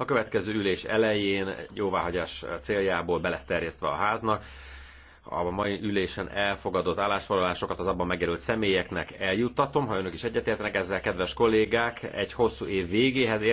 A következő ülés elején jóváhagyás céljából be lesz terjesztve a háznak. A mai ülésen elfogadott állásfoglalásokat az abban megjelölt személyeknek eljuttatom. Ha önök is egyetértenek ezzel, kedves kollégák, egy hosszú év végéhez